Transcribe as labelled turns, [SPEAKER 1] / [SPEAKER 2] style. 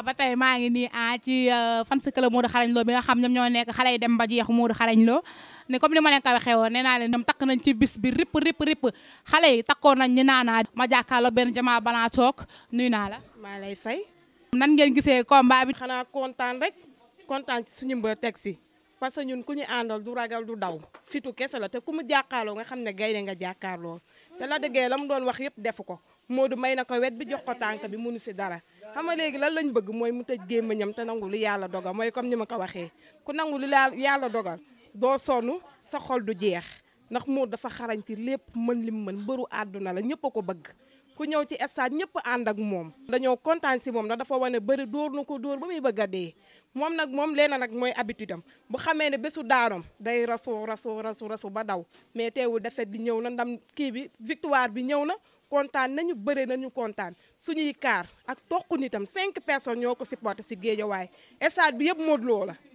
[SPEAKER 1] Ah, ba tey maa ngi nii ah ci euh, fans club Modou Xarañ Lo bi nga xam ñoom ñoo nekk xale yi dem ba jeexu Modou Xarañ Lo ne comme ni ma leen ko waxee woon nee naa leen ñoom takk nañ ci bis bi rip rip rip xale yi takkoon nañ ñu naanaa ma jàkkaarloo benn jamaa banaa toog nuyu naa la maa lay fay nan ngeen gisee combat bi
[SPEAKER 2] xanaa kontaan rek kontaan ci suñu mbër teg si parce que ñun ku ñu àndal du ragal du daw fitu kese la te ku mu jàkkaarloo nga xam ne gaynde nga jàkkaarloo te la dëggee la mu doon wax yëpp defu ko Modou may na ko wet bi jox ko tànk bi munu si dara xam nga léegi lan lañ bëgg mooy mu tëj gémmiñam te nangu lu yàlla dogal mooy comme ni ma ko waxee ku nangu lu yàlla dogal doo sonn sa xol du jeex ndax Modou dafa xarañ ci lépp mën li mu mën mbëru àdduna la ñëpp a ko bëgg ku ñëw ci stade ñëpp ànd ak moom. dañoo kontaan si moom ndax dafa wane bëri dóor na ko dóor ba muy bëgg a dee moom nag moom leena nag mooy habitude am bu xamee ne bésu daanam day rasu rasu rasu rasu ba daw mais teewul défaite bi ñëw na ndam kii bi victoire bi ñëw na. kontaan nañu bëre nañu kontaan suñuy kaar ak toq nitam cinq personne ñoo ko supporté si géejawaay stade bi yëpp Modou Lo la